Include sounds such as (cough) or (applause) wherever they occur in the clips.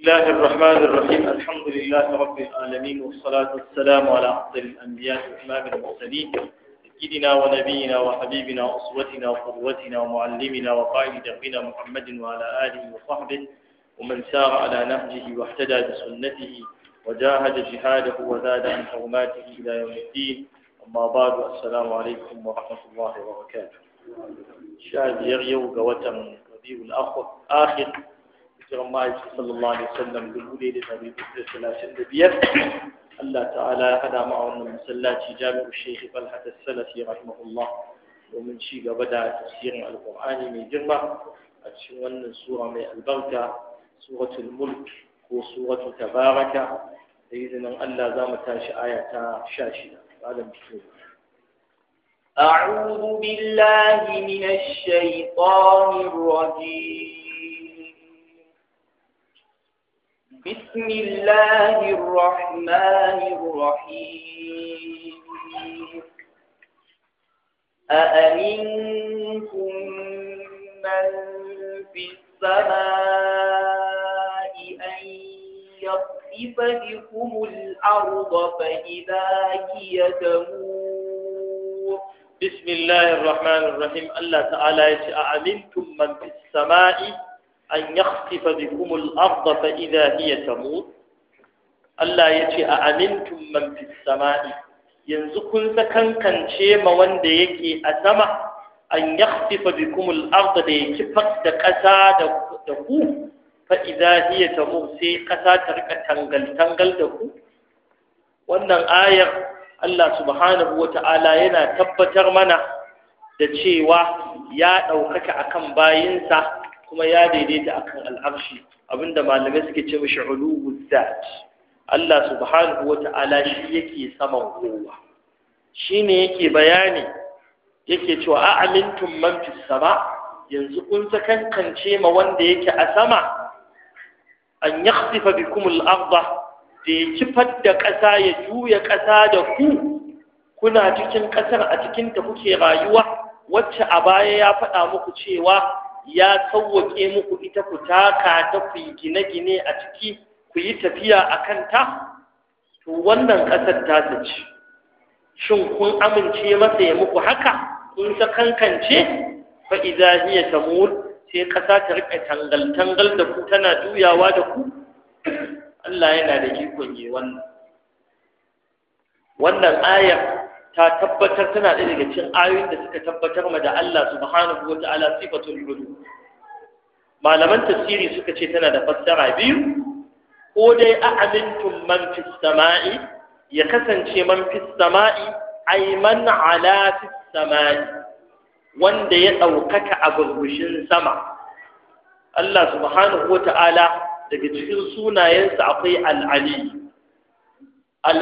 الله الرحمن الرحيم الحمد لله رب العالمين والصلاة والسلام على أفضل الأنبياء وإمام المرسلين سيدنا ونبينا وحبيبنا وأسوتنا وقدوتنا ومعلمنا وقائد دربنا محمد وعلى آله وصحبه ومن سار على نهجه واهتدى بسنته وجاهد جهاده وزاد عن حرماته إلى يوم الدين أما بعد السلام عليكم ورحمة الله وبركاته شاهد يغيو قوة الأخ الآخر hijiran ma'aiki sallallahu alaihi wasallam dubu ɗaya da ɗari da talatin da biyar (coughs) Allah ta'ala ya hada mu a wannan masallaci jami'u shehi Talhat Salafi rahimahullah domin ci gaba da tafsirin alqur'ani mai girma a cikin wannan sura mai albarka suratul mulk ko suratu tabaraka da izinin Allah za mu tashi aya ta 16 malam bismillah أعوذ بالله من الشيطان الرجيم بسم الله الرحمن الرحيم أأمنكم من في السماء أن يخسف بكم الأرض فإذا هي تمور بسم الله الرحمن الرحيم الله تعالى أأمنتم من في السماء an yakhsifa bikum al-ardha fa idha hiya tamut Allah yace a amintum man fis samai yanzu kun sakankance ma wanda yake a sama an yakhsifa bikum al-ardha da yake da ƙasa da ku fa idha hiya tamut sai ƙasa ta rika tangal tangal da ku wannan ayar Allah subhanahu wata'ala yana tabbatar mana da cewa ya ɗaukaka akan bayinsa kuma ya daidaita a kan al'arshi abinda malamai suke ce mashi ulubu zat Allah subhanahu wata'ala shi yake saman kowa Shi ne yake bayani yake cewa a amintum man sama yanzu kun sakankance ma wanda yake a sama an yakhsifa bikum al-ardh da ya kifar da ƙasa ya juya ƙasa da ku kuna cikin ƙasar a cikin ta kuke rayuwa wacce a baya ya faɗa muku cewa ya sauwaƙe muku ita ku taka ta ku yi gine-gine a ciki ku yi tafiya a kanta to wannan ƙasar ta saci shin kun amince masa ya muku haka kun ta kankance fa izahiyar hiya tamur sai ƙasa ta rika tangal-tangal da ku tana juyawa da ku Allah yana da ikon yi wannan wannan ayar ta tabbatar tana ɗaya daga cikin ayoyin da suka tabbatar ma da Allah subhanahu wa ta'ala sifatul ulu malaman tafsiri suka ce tana da fassara biyu ko dai a'amintum man fis sama'i ya kasance man fis sama'i ay man ala fis sama'i wanda ya ɗaukaka a gurgushin sama Allah subhanahu wa ta'ala daga cikin sunayensa akwai al-ali al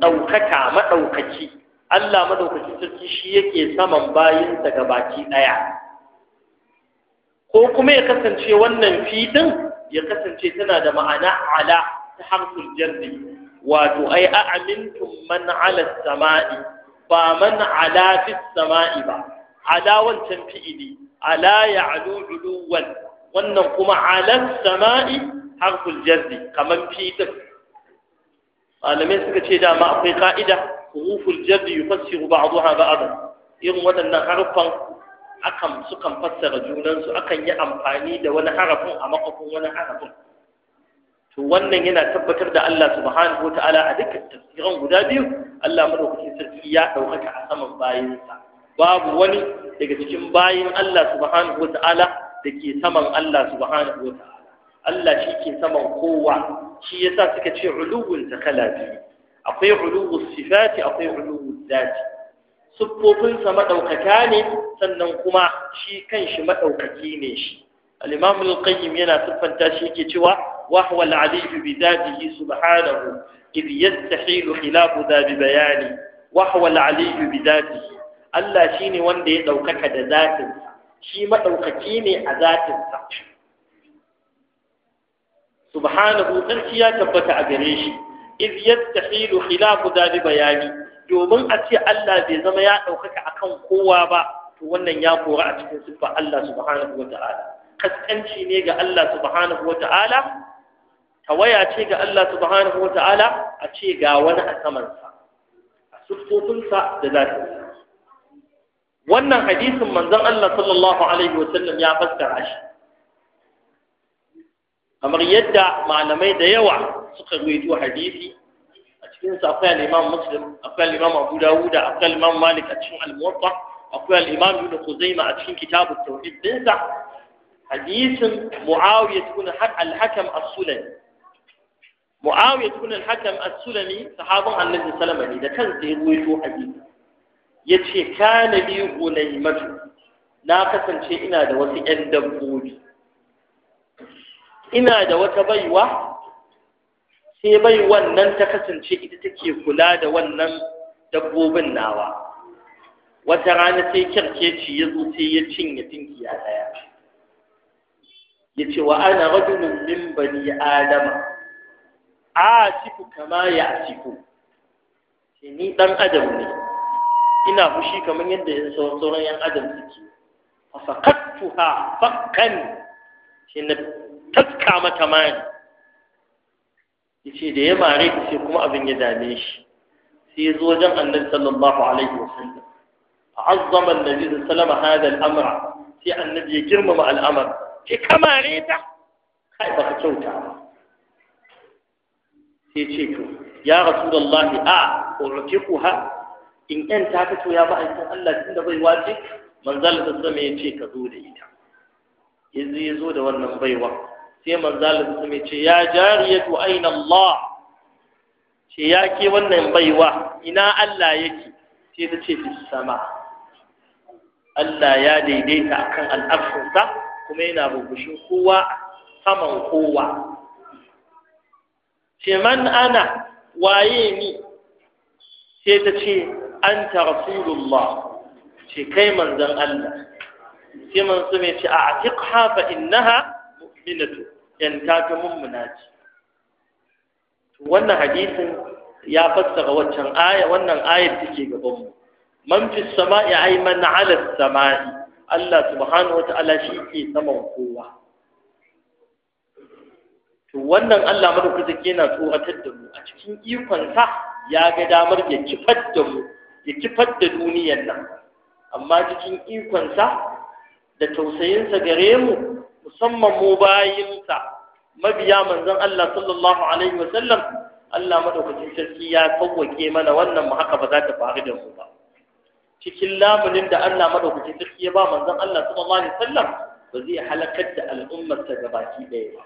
ɗaukaka maɗaukaki Allah maɗaukaki sarki shi yake saman bayinsa ga baki ɗaya ko kuma ya kasance wannan fiɗin ya kasance tana da ma'ana ala ta harfin jarri wato ai a'amintum man ala sama'i ba man ala fi sama'i ba ala wancan fi'ili ala ya uluwan wannan kuma ala sama'i harful jarri kamar fiɗin malamai suka ce dama akwai ka'ida huruful jarri yufassiru a ba'dan irin waɗannan harfan akan sukan fassara junansu akan yi amfani da wani harafin a makafin wani harafin to wannan yana tabbatar da Allah subhanahu ta'ala a dukkan tafsiran guda biyu Allah madaukakin sarki ya ɗaukaka a saman bayansa babu wani daga cikin bayin Allah subhanahu ta'ala da ke saman Allah subhanahu ta'ala Allah shi ke saman kowa shi yasa suka ce uluwun ta kala biyu akwai uluwus sifati akwai uluwus zati siffofinsa maɗaukaka ne sannan kuma shi kanshi maɗaukaki ne shi al-imam al-qayyim yana siffanta shi ke cewa wa huwa al-aliyu bi zatihi subhanahu idh yastahilu khilafu dha bi bayani wa huwa al-aliyu bi zatihi Allah shine wanda ya ɗaukaka da zatinsa shi maɗaukaki ne a zatinsa subhanahu tsarki ya tabbata a gare shi iz yastahilu khilafu dali bayani domin a ce Allah bai zama ya ɗaukaka akan kowa ba to wannan ya kora a cikin siffa Allah subhanahu wata'ala kaskanci ne ga Allah subhanahu wata'ala tawaya ce ga Allah subhanahu wata'ala a ce ga wani a samansa a siffofinsa da zatinsa wannan hadisin manzon Allah sallallahu alaihi ya fassara shi kamar yadda malamai da yawa suka ruwaito hadisi a cikin sa akwai al-Imam Muslim akwai al-Imam Abu Dawud akwai al-Imam Malik a cikin al-Muwatta akwai al-Imam Ibn Khuzaimah a cikin Kitab at-Tauhid dinsa hadisin Muawiyah ibn al-Hakam as-Sulami Muawiyah ibn al-Hakam as-Sulami sahabban Annabi sallallahu alaihi da kansa ya ruwaito hadisi yace kana li ghunaymatu na kasance ina da wasu ƴan dabbobi ina da wata baiwa sai bai wannan ta kasance ita take kula da wannan dabbobin nawa wata rana sai kyarkeci ya zo sai ya cinye a daya ya ce wa ana rajulun min bani adama a siku kama ya siku ce ni dan adam ne ina fushi kamar yadda ya sauran yan adam suke fa fakattuha fakkan shi na taska mata mani yace da ya mare ta sai kuma abin ya dame shi sai ya zo wajen annabi sallallahu alaihi wasallam fa azzama annabi sallallahu alaihi wasallam hada al'amra sai annabi ya girmama al'amar ce ka mare ta kai baka kyauta ba sai ce to ya rasulullahi a urtiquha in yan ta fito ya ma'aikin Allah tun da bai wace manzal da sama ya ce ka zo da ita yanzu ya zo da wannan baiwa sai manzalin su mai ce ya jariyatu aina Allah ce ya ke wannan baiwa ina Allah yake sai ta ce fi sama Allah ya daidaita akan al'arshinsa kuma yana rubushin kowa saman kowa ce man ana waye ni sai ta ce an ta rasulullah ce kai manzon Allah sai man mai ce a atiqha fa innaha mu'minatu yanta ta mummuna ce wannan hadisin ya fassara waccan aya wannan ayar take gaban mu man fi sama'i ay man 'ala samai Allah subhanahu wata'ala shi ke sama kowa to wannan Allah madaukaki yana tsoratar da mu a cikin ikonsa ya ga damar ya kifar da mu ya kifar da duniyar nan amma cikin ikonsa da tausayinsa gare mu musamman mu bayinsa mabiya manzon Allah sallallahu alaihi wa sallam Allah madaukakin sarki ya sauwake mana wannan mu haka ba za ta faru da mu ba cikin lamunin da Allah madaukakin sarki ya ba manzon Allah sallallahu alaihi wa sallam ba zai halakar da al'ummar ta gabaki ɗaya ba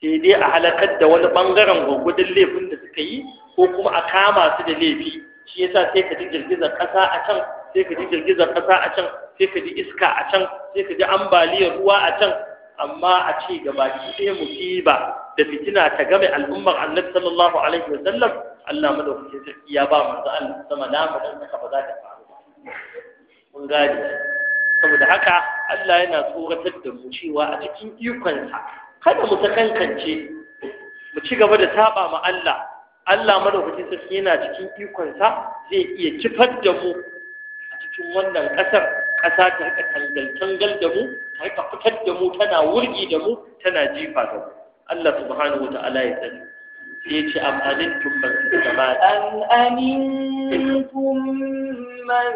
sai dai a halakar da wani bangaren gwagwadon laifin da suka yi ko kuma a kama su da laifi shi yasa sai ka ji girgizar ƙasa a can sai ka ji girgizar ƙasa a can sai ka ji iska a can sai ka ji ambaliyar ruwa a can amma a ce ga baki ɗaya musiba da fitina ta game al'ummar annabi sallallahu alaihi wa sallam Allah madaukakin sarki ya ba manzo Allah sama na faɗin haka ba za ta faru mun gane saboda haka Allah yana tsoratar da mu cewa a cikin ikonsa kada mu sakankance mu ci gaba da saba ma Allah Allah madaukakin sarki yana cikin ikonsa zai iya kifar da mu a cikin wannan ƙasar ƙasa ta rika tangal-tangal da mu ta rika fitar da mu tana wurgi da mu tana jifa da mu Allah subhanahu wa ta'ala ya sani sai ya ce amfanin tumman su gaba an amintum man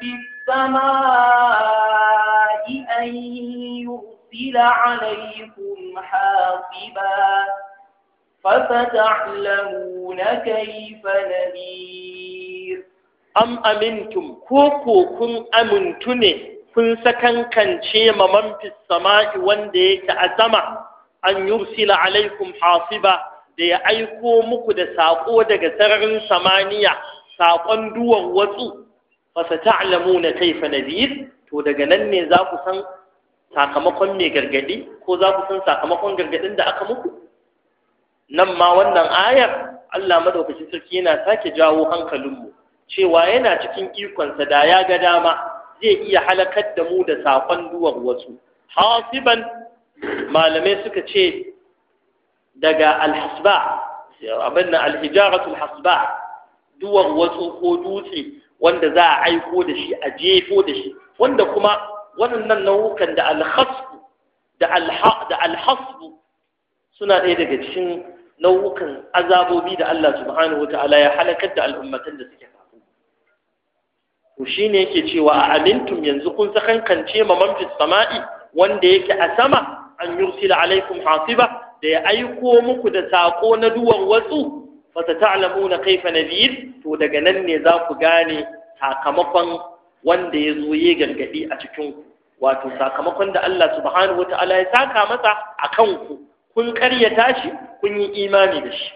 fi sama'i an yursila alaykum hasiba فستعلمون كيف نذير am amintum ko ko kun amintu ne kun sakankance ma man fis sama'i wanda yake a sama an yursila alaikum hasiba da ya aiko muku da saƙo daga sararin samaniya saƙon duwan watsu fasa ta'lamuna kaifa nadir to daga nan ne za ku san sakamakon mai gargadi ko za ku san sakamakon gargadin da aka muku nan ma wannan ayar Allah madaukaki sarki yana sake jawo hankalinmu cewa yana cikin ikonsa da ya ga dama zai iya halakar da mu da saƙon duwar wasu hasiban malamai suka ce daga alhasba abin da alhijaratul hasba duwar wasu ko dutse wanda za a aiko da shi a jefo da shi wanda kuma waɗannan nau'ukan da alhasbu da alhasbu suna ɗaya daga cikin nau'ukan azabobi da Allah subhanahu wa ta'ala ya halakar da al'ummatan da suke to shine yake cewa a amintum yanzu kun sakankance ma man fis sama'i wanda yake a sama an yursila alaikum hasiba da ya aiko muku da sako na duwan wasu fa ta'lamuna kaifa nadir to daga nan ne za ku gane sakamakon wanda ya zo ya gargadi a cikin ku wato sakamakon da Allah subhanahu wata'ala ya saka masa a kanku kun karyata shi kun yi imani da shi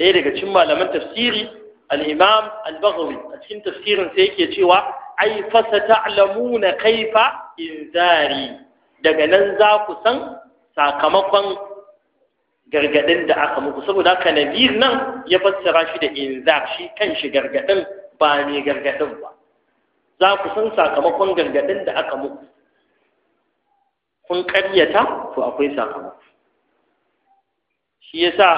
ɗaya daga cikin malaman tafsiri al al-baghawi a cikin tafsirinsa sai yake cewa ai fa sata'lamuna kaifa inzari daga nan za ku san sakamakon gargadin da aka muku saboda haka nadir nan ya fassara shi da inzar shi kan shi gargadin ba ne gargadin ba za ku san sakamakon gargadin da aka muku kun karyata to akwai sakamako shi yasa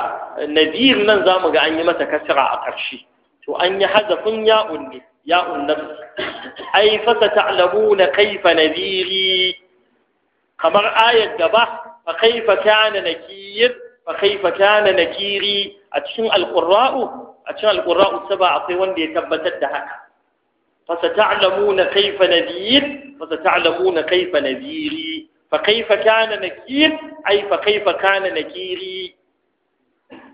nadir nan za mu ga an yi masa kasra a ƙarshe to an yi hazafin ya'un ne ya'un nafsi ai fasa ta'lamuna kaifa nadiri kamar ayar gaba fa kaifa kana nakir fa kaifa kana nakiri a cikin alqurra'u a cikin alqurra'u saba akwai wanda ya tabbatar da haka fasa ta'lamuna kaifa nadir fasa ta'lamuna kaifa nadiri fa kaifa kana nakir ai fa kaifa kana nakiri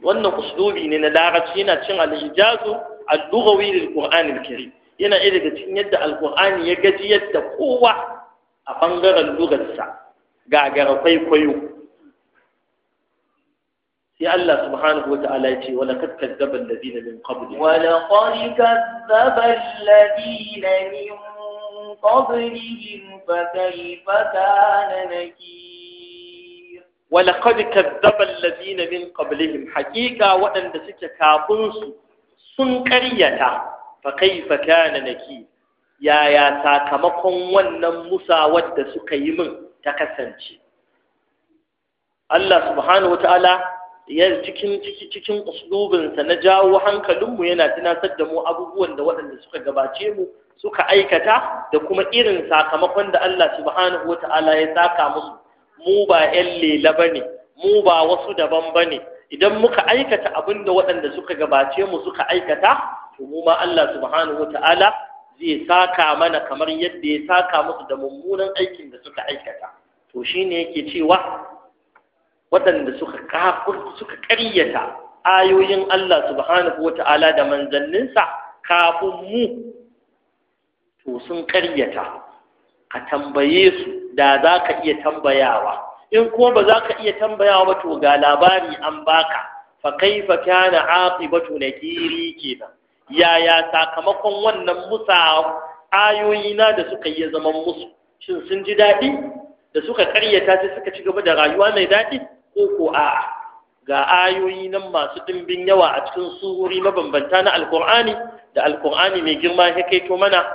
wannan uslubi ne na larabci yana cin al-ijazu al-lughawi lil-qur'an al-karim yana ɗaya daga cikin yadda alkur'ani ya gaji yadda kowa a ɓangaren lugarsa gagara kwaikwayo sai Allah subhanahu wa ta'ala ya ce wala kad kadzaba alladhina min qablihim wala qad kadzaba alladhina min qablihim fa kayfa kana min suke kafin sun ƙaryata fa kaifa kana naki yaya sakamakon wannan musa wadda suka yi min ta kasance Allah subhanahu wata'ala ya cikin cikin uslubinsa na jawo hankalinmu yana tunatar da mu abubuwan da waɗanda suka gabace mu suka aikata da kuma irin sakamakon da Allah subhanahu wata'ala ya saka musu mu ba 'yan lela ba ne mu ba wasu daban ba ne idan muka aikata abin da waɗanda suka gabace mu suka aikata to mu ma Allah subhanahu wata'ala zai saka mana kamar yadda ya saka musu da mummunan aikin da suka aikata to shi ne yake cewa waɗanda suka kafir suka ƙaryata ayoyin Allah subhanahu wata'ala da manzanninsa kafin mu to sun ƙaryata ka tambaye su da za ka iya tambayawa in kuma ba za ka iya tambayawa ba to ga labari an baka fa kaifa kana aqibatu nakiri kenan yaya sakamakon wannan musa ayoyi na da suka yi zaman musu shin sun ji daɗi da suka karyata sai suka ci gaba da rayuwa mai daɗi ko ko a'a ga ayoyi nan masu ɗimbin yawa a cikin suhuri mabambanta na alkur'ani da alkur'ani mai girma ya kai to mana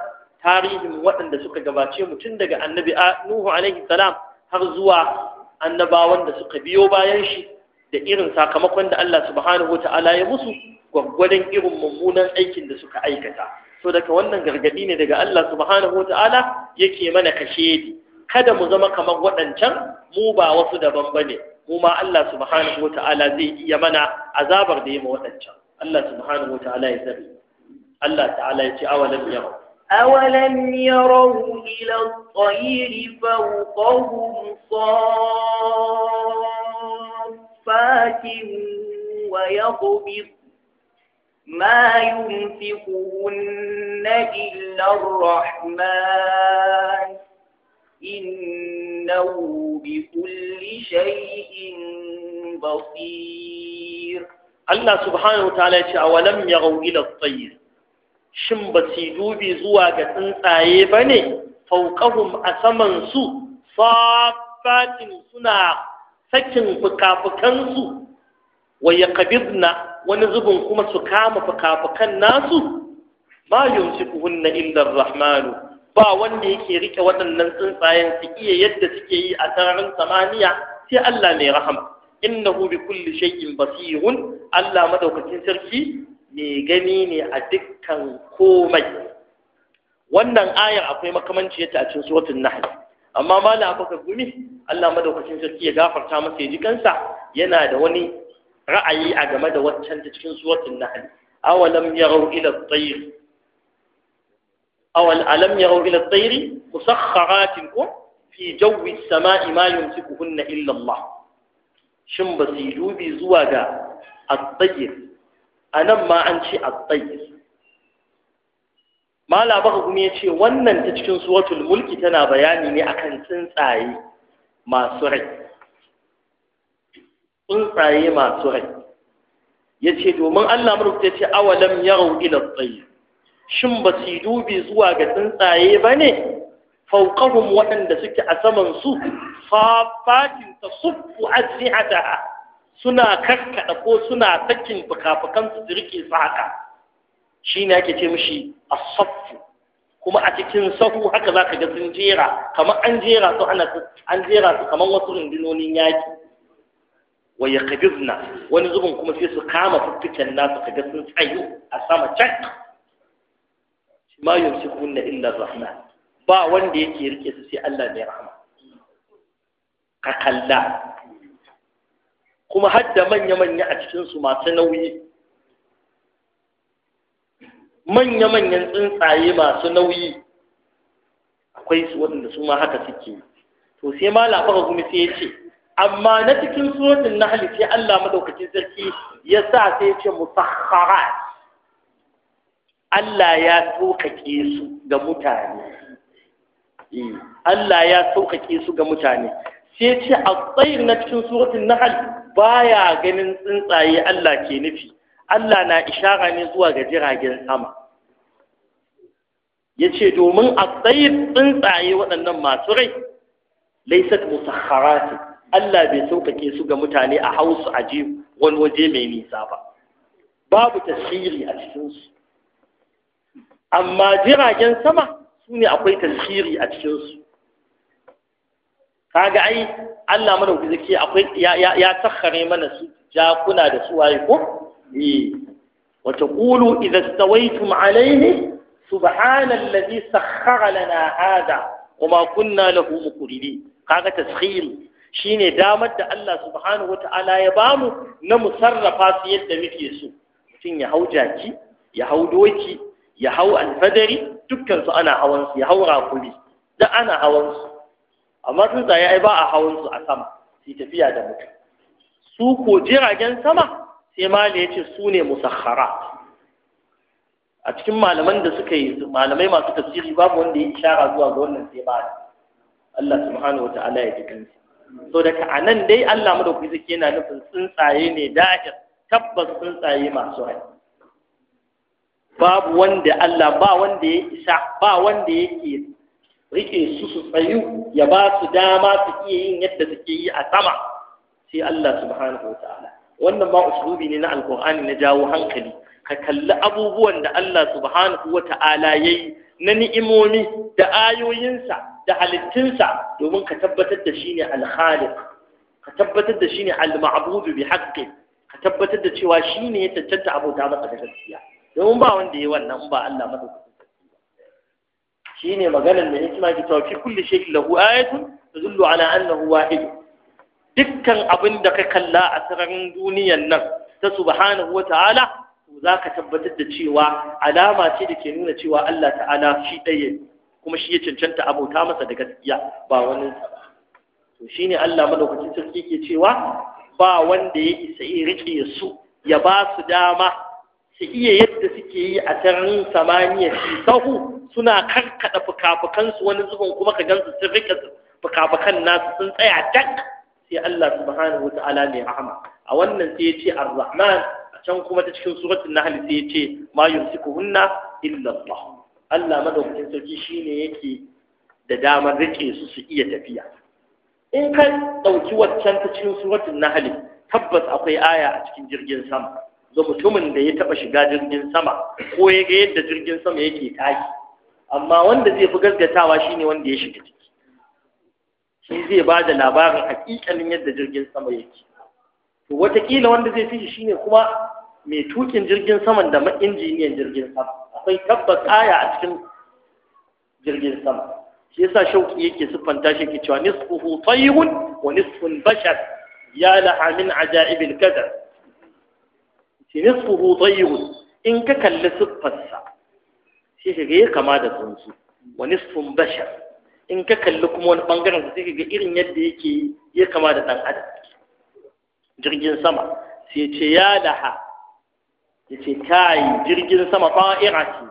tarihin waɗanda suka gabace mu tun daga annabi nuhu alaihi salam har zuwa annabawan da suka biyo bayan shi da irin sakamakon da Allah subhanahu ta'ala ya musu gwaggwadon irin mummunan aikin da suka aikata so daga wannan gargadi ne daga Allah subhanahu ta'ala yake mana kashedi kada mu zama kamar waɗancan mu ba wasu daban bane mu ma Allah subhanahu ta'ala zai iya mana azabar da ya ma waɗancan Allah subhanahu ta'ala ya zabi Allah ta'ala ya ce awalan yara أولم يروا إلى الطير فوقهم صافات ويقبض ما ينفقهن إلا الرحمن إنه بكل شيء بصير الله سبحانه وتعالى أولم يروا إلى الطير shin ba su dubi zuwa ga tsuntsaye ba ne fauƙahum a samansu safatin suna sakin fukafukansu wa ya kabirna wani zubin kuma su kama fukafukan nasu ma na illar rahmanu ba wanda yake rike waɗannan tsuntsayen su iya yadda suke yi a sararin samaniya sai Allah mai rahama innahu bi kulli shay'in basirun Allah madaukakin sarki mai gani ne a dukkan komai wannan ayar akwai makamanci ta a cikin suratul nahl amma mala abaka gumi Allah madaukakin sarki ya gafarta masa ya ji kansa yana da wani ra'ayi a game da waccan ta cikin suratul nahl awalam yarau ila at-tayr awal alam yarau ila at-tayr musakhkharatin kum fi jawi as-sama'i ma yumsikuhunna illa Allah shin basidubi zuwa ga at-tayr a nan ma an ce a tsayi ma baka kuma ya ce wannan ta cikin suwatul mulki tana bayani ne akan tsuntsaye masu rai tsuntsaye masu rai ya ce domin allah mulki ya ce awalam yaro ila tsayi shin ba su yi dubi zuwa ga tsuntsaye ba ne faukahun waɗanda suke a saman su ta sufu azzi'ataha suna kaskada ko suna sakin fukafukan su rike su haka ne ake ce mishi a saffu kuma a cikin sahu haka za ka ga sun jera kamar an jera su ana an jera su kamar wasu rundunonin yaki wa yaqbidna wani zubin kuma sai su kama fuffuken nasu ka ga sun tsayo a sama can ma na illa rahman ba wanda yake rike su sai Allah mai rahama ka kalla kuma har da manya-manya a cikinsu masu nauyi manya-manyan tsuntsaye masu nauyi akwai su waɗanda su ma haka suke to sai ma lafaka kuma sai ya ce amma na cikin surutun na sai Allah madaukakin sarki ya sa sai ya ce musakharat Allah ya saukake su ga mutane eh, Allah ya saukake su ga mutane sai ya ce a tsayin na cikin na nahl baya ganin tsuntsaye Allah ke nufi Allah na ishara ne zuwa ga jiragen sama yace domin a tsaye tsuntsaye waɗannan masu rai laysat musakharat Allah bai sauƙaƙe su ga mutane a hausu a je wani waje mai nisa ba babu tasiri a cikinsu amma jiragen sama sune akwai tasiri a cikinsu kaga ai Allah mana ku zaki akwai ya sakhare mana su jakuna da su waye ko eh wa taqulu idza stawaytum alayhi subhana alladhi sakhkhara lana hada kuma kunna lahu muqrinin kaga taskhir shine damar da Allah subhanahu wata'ala ya bamu na musarrafa su yadda muke so mutum ya hau jaki ya hau doki ya hau alfadari dukkan su ana hawan su ya hau rakuri da ana hawan su amma tsuntsaye ai ba a hawan su a sama su tafiya da mutu. su ko jiragen sama sai mali ya ce su ne musakhara a cikin malaman da suka yi malamai masu tafsiri babu wanda ya shara zuwa ga wannan sai ba Allah subhanahu wa ta'ala ya ji kansa so daga a nan dai Allah madaukaki zake yana nufin tsuntsaye ne da'ir tabbas tsuntsaye masu rai babu wanda Allah ba wanda ya isa ba wanda yake rike su su tsayu ya ba su dama su iya yin yadda suke yi a sama sai Allah subhanahu wataala wannan ma uslubi ne na alqur'ani na jawo hankali ka kalli abubuwan da Allah subhanahu wataala yayi na ni'imomi da ayoyinsa da halittunsa domin ka tabbatar da shine al-khaliq ka tabbatar da shine al-ma'budu bi haqqi ka tabbatar da cewa shine ya tantance abota maka da gaskiya domin ba wanda yayi wannan ba Allah madaukakin shine maganar da hikima ke cewa fi kulli shay'in lahu ayatun tadullu ala annahu wahid dukkan abin da ka kalla a sararin duniyan nan ta subhanahu wa ta'ala to zaka tabbatar da cewa alama ce da ke nuna cewa Allah ta'ala shi ɗaya kuma shi ya cancanta abota masa da gaskiya ba wani to shine Allah madaukakin sarki ke cewa ba wanda ya isa ya rike su ya ba su dama su iya yadda suke yi a sararin samaniya su sahu suna karkada fukafukansu wani zubin kuma ka gansu sun rika fukafukan nasu sun tsaya dak sai Allah subhanahu wa ta'ala rahama a wannan sai ya ce ar-rahman a can kuma ta cikin suratul nahl sai ya ce ma yumsikuhunna illa Allah Allah madaukakin sarki shine yake da damar rike su su iya tafiya in ka dauki waccan ta cikin suratul nahl tabbas akwai aya a cikin jirgin sama ga mutumin da ya taba shiga jirgin sama ko ya ga yadda jirgin sama yake tashi amma wanda zai fi shi shine wanda ya shiga ciki shi zai ba da labarin hakikalin yadda jirgin sama yake to watakila wanda zai fi shi ne kuma mai tukin jirgin saman da ma'injiniyan jirgin sama akwai tabbas aya a cikin jirgin sama shi yasa shauki yake siffanta shi ke cewa nisfuhu tayyibun wa nisfun bashar ya laha min ajaibil kadar shi nisfuhu tayyibun in ka kalli siffarsa sai ka ga ya kama da tsuntsu wani sun bashar in ka kalli kuma wani bangaren sai ka ga irin yadda yake ya kama da dan adam jirgin sama sai ce ya laha ya ce ta yi jirgin sama ira ce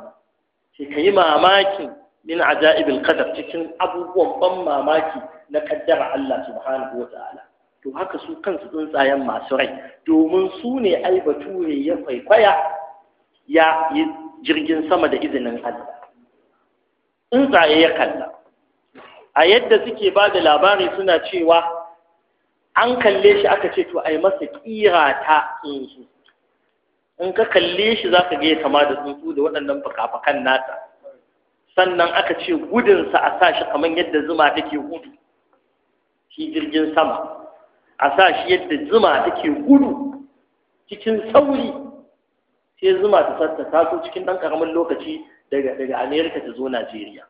sai ka yi mamaki min ajaibil qadar cikin abubuwan ban mamaki na kaddara Allah subhanahu wa ta'ala to haka su kansu tsuntsayen masu rai domin su ne ai bature ya kwaikwaya ya jirgin sama da izinin Allah tsuntsaye ya kalla a yadda suke ba da labari suna cewa an kalle shi aka ce to a masa ƙira ta tsuntsu in ka kalle shi za ka gaya kama da tsuntsu da waɗannan fakafakan nata sannan aka ce gudunsa a sa shi kamar yadda zuma take gudu shi jirgin sama a sa shi yadda zuma take gudu cikin sauri sai zuma ta sassa taso cikin ɗan ƙaramin lokaci daga daga amerika ta zo najeriya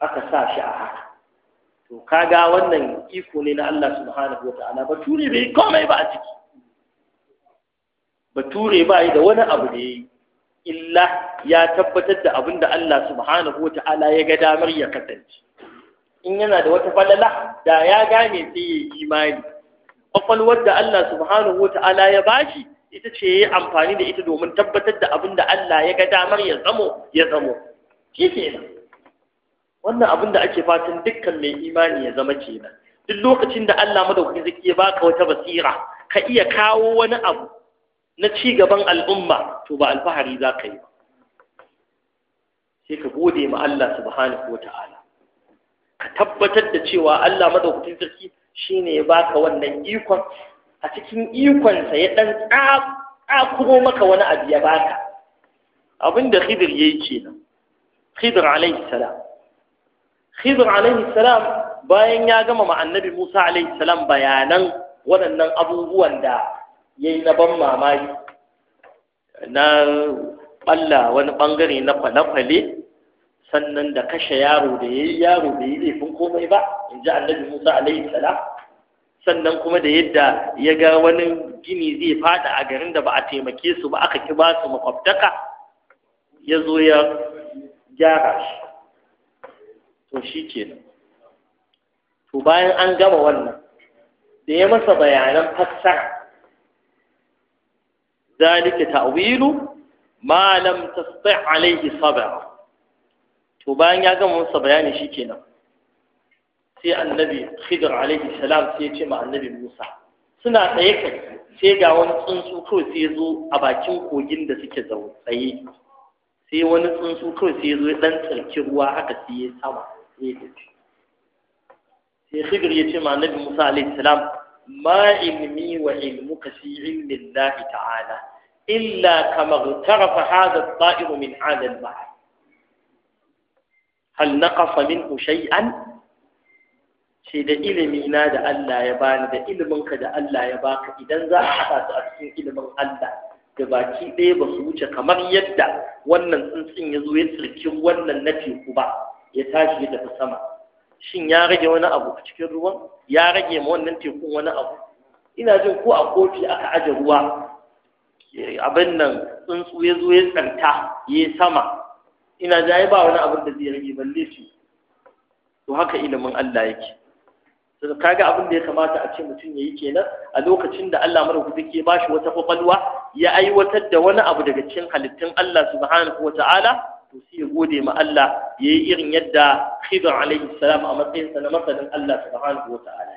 aka sa shi a haka to kaga wannan iko ne na Allah subhanahu wa ta'ala bature bai komai ba a ciki bature ba yi da wani abu da yi illa ya tabbatar da abin da Allah subhanahu wa ta'ala ya ga damar ya kasance in yana da wata falala da ya gane sai ya imani kwakwalwar da Allah subhanahu wa ta'ala ya bashi ita ce ya amfani da ita domin tabbatar da abin da Allah ya ga damar ya zamo ya zamo shi kenan wannan abin da ake fatan dukkan mai imani ya zama kenan duk lokacin da Allah madaukakin zaki ya baka wata basira ka iya kawo wani abu na ci gaban al'umma to ba alfahari za ka yi ba sai ka gode ma Allah subhanahu wata'ala ka tabbatar da cewa Allah madaukakin sarki shine ya baka wannan ikon a cikin ikonsa ya ɗan ƙakuro maka wani abu ya baka abin da khidir ya yi nan, khidir alaihi salam khidir alaihi salam bayan ya gama ma annabi musa alaihi salam bayanan waɗannan abubuwan da ya yi na ban mamaki na ɓalla wani ɓangare na kwale-kwale sannan da kashe yaro da ya yi yaro da yi laifin komai ba in ji annabi musa alaihi salam sannan kuma da yadda ya ga wani gini zai fada a garin da ba a taimake su ba aka ki ba su makwabtaka ya zo ya gyara shi to shi kenan to bayan an gama wannan da ya masa bayanan fassara zalika ta'wilu ma lam tasti' alayhi sabra to bayan ya gama masa bayani shi kenan sai annabi khidr alaihi salam sai ya ce ma annabi musa suna tsaye kai sai ga wani tsuntsu kawai sai ya zo a bakin kogin da suke tsaye sai wani tsuntsu kawai sai ya zo ya dan tsarki ruwa haka sai ya sama sai ya tafi sai khidr ya ce ma annabi musa alaihi salam ma ilmi wa ilmuka fi ilmi Allah ta'ala illa kama tarafa hadha at-ta'iru min 'ala al-bahr هل نقص منه شيئا ce da ilimi na da Allah ya bani da ilimin ka da Allah ya baka idan za a haɗa su a cikin ilimin Allah da baki ɗaya ba su wuce kamar yadda wannan tsuntsun ya zo ya tsirki wannan na teku ba ya tashi ya tafi sama shin ya rage wani abu a cikin ruwan ya rage ma wannan tekun wani abu ina jin ko a kofi aka aje ruwa abin nan tsuntsu ya zo ya tsanta ya yi sama ina ji ba wani abin da zai rage balle shi to haka ilimin Allah yake to kaga abin da ya kamata a ce mutum yayi kenan a lokacin da Allah madaukaki ke bashi wata kwakwalwa ya aiwatar da wani abu daga cikin halittun Allah subhanahu wata'ala to sai ya gode ma Allah yayi irin yadda Khidir alaihi salam a matsayin sa na masanin Allah subhanahu wata'ala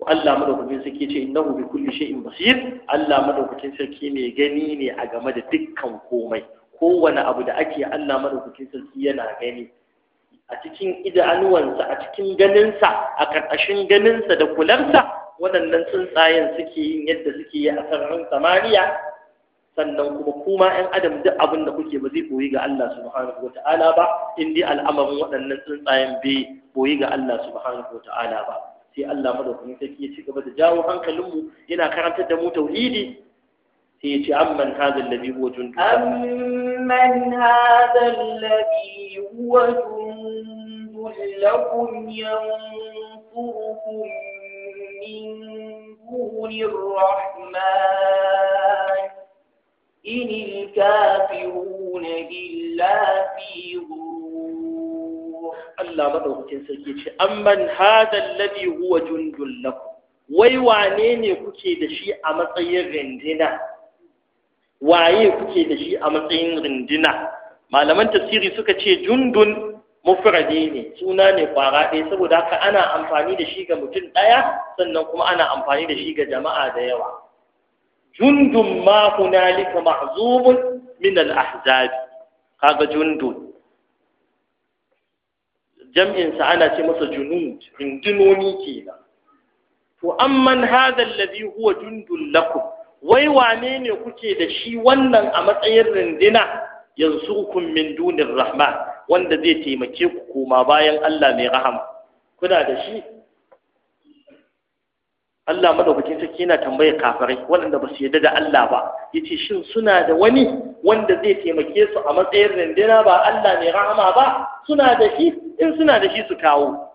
wa Allah madaukakin sarki ce innahu bi kulli shay'in basir Allah madaukakin sarki mai gani ne a game da dukkan komai kowane abu da ake Allah madaukakin sarki yana gani a cikin idanuwansa a cikin ganinsa a ƙarƙashin ganinsa da kularsa waɗannan tsuntsayen suke yin yadda suke yi a sararin samariya sannan kuma kuma 'yan adam duk abin da kuke ba zai boyi ga Allah subhanahu wa ta'ala ba in dai al'amarin waɗannan tsuntsayen bai boyi ga Allah subhanahu wa ta'ala ba sai Allah madaukakin sarki ya ci gaba da jawo hankalinmu yana karantar da mu tauhidi sai ya ce amman hadha alladhi huwa jundun من هذا الذي هو جند لكم ينصركم من دون الرحمن إن الكافرون إلا في غرور الله مدوكين سيكي أمن هذا الذي هو جند لكم ويوانيني wane ne kuke da waye kuke da shi a matsayin rindina malaman tasiri suka ce jundun mufradi ne suna ne kwara ɗaya saboda haka ana amfani da shi ga mutum ɗaya sannan kuma ana amfani da shi ga jama'a da yawa jundun ma hunalika mahzubun min al-ahzab kaga jundun jam'in sa ana ce masa junud rindinoni kenan to amman hadha alladhi huwa jundun lakum wai wane ne kuke da shi wannan a matsayin rindina hukun min dunin rahman wanda zai taimake ku koma bayan Allah mai rahama kuna da shi Allah madaukakin sarki yana tambaye kafirai waɗanda ba su yarda da Allah ba yace shin suna da wani wanda zai taimake su a matsayin rindina ba Allah mai rahama ba suna da shi in suna da shi su kawo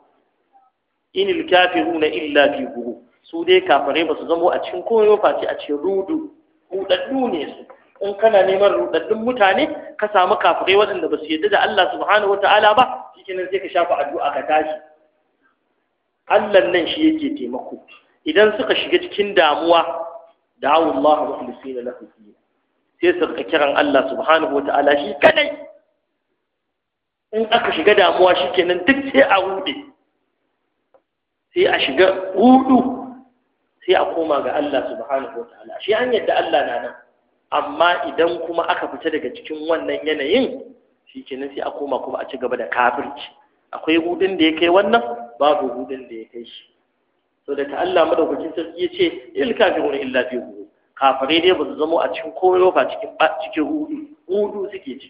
inil kafiruna illa fi ghurur su dai kafare ba su zamo a cikin komai ce a cikin rudu rudaddu ne su in kana neman rudaddun mutane ka samu kafare waɗanda ba su yadda da Allah subhanahu wataala ba nan sai ka shafa addu'a ka tashi Allah nan shi yake taimako idan suka shiga cikin damuwa da'u Allah mukhlisina lahu din sai su ka kiran Allah subhanahu wataala shi kadai in aka shiga damuwa shikenan duk sai a rude sai a shiga hudu sai a koma ga Allah subhanahu wa ta'ala shi an yadda Allah na nan amma idan kuma aka fita daga cikin wannan yanayin shi kenan sai a koma kuma a ci gaba da kafirci akwai hudun da ya kai wannan babu hudun da ya kai shi so da Allah madaukakin sarki ya ce il kafirun illa fi hudu kafirai dai ba su zamo a cikin koyo ba cikin cikin hudu hudu suke ci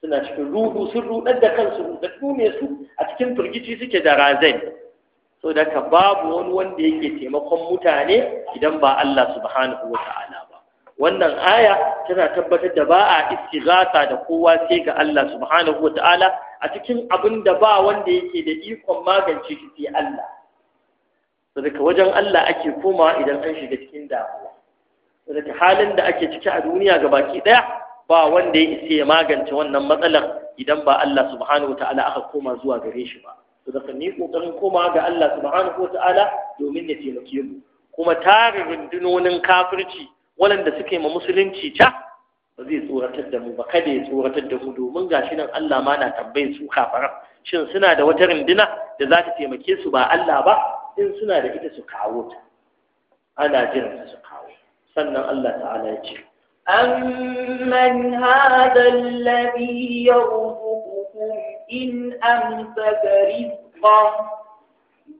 suna cikin ruhu sun rudar da kansu da ne su a cikin turgici suke da razai so daga babu wani wanda yake taimakon mutane idan ba Allah subhanahu wata'ala ba wannan aya tana tabbatar da ba a istighatha da kowa sai ga Allah subhanahu wata'ala a cikin abin da ba wanda yake da ikon magance shi sai Allah so daga wajen Allah ake koma idan an shiga cikin damuwa so daga halin da ake ciki a duniya ga baki daya ba wanda ya isa ya magance wannan matsalar idan ba Allah subhanahu wata'ala aka koma zuwa gare shi ba to daga ni kokarin koma ga Allah subhanahu wataala domin ya taimake mu kuma tarin rundunonin kafirci waɗanda suke ma musulunci ta ba zai tsoratar da mu ba kada ya tsoratar da mu domin gashi nan Allah ma na tambayin su kafara shin suna da wata runduna da za ta taimake su ba Allah ba in suna da ita su kawo ta ana jiran su kawo sannan Allah ta'ala ya ce أمن هذا الذي يرزقكم إن أمسك رزقه الحق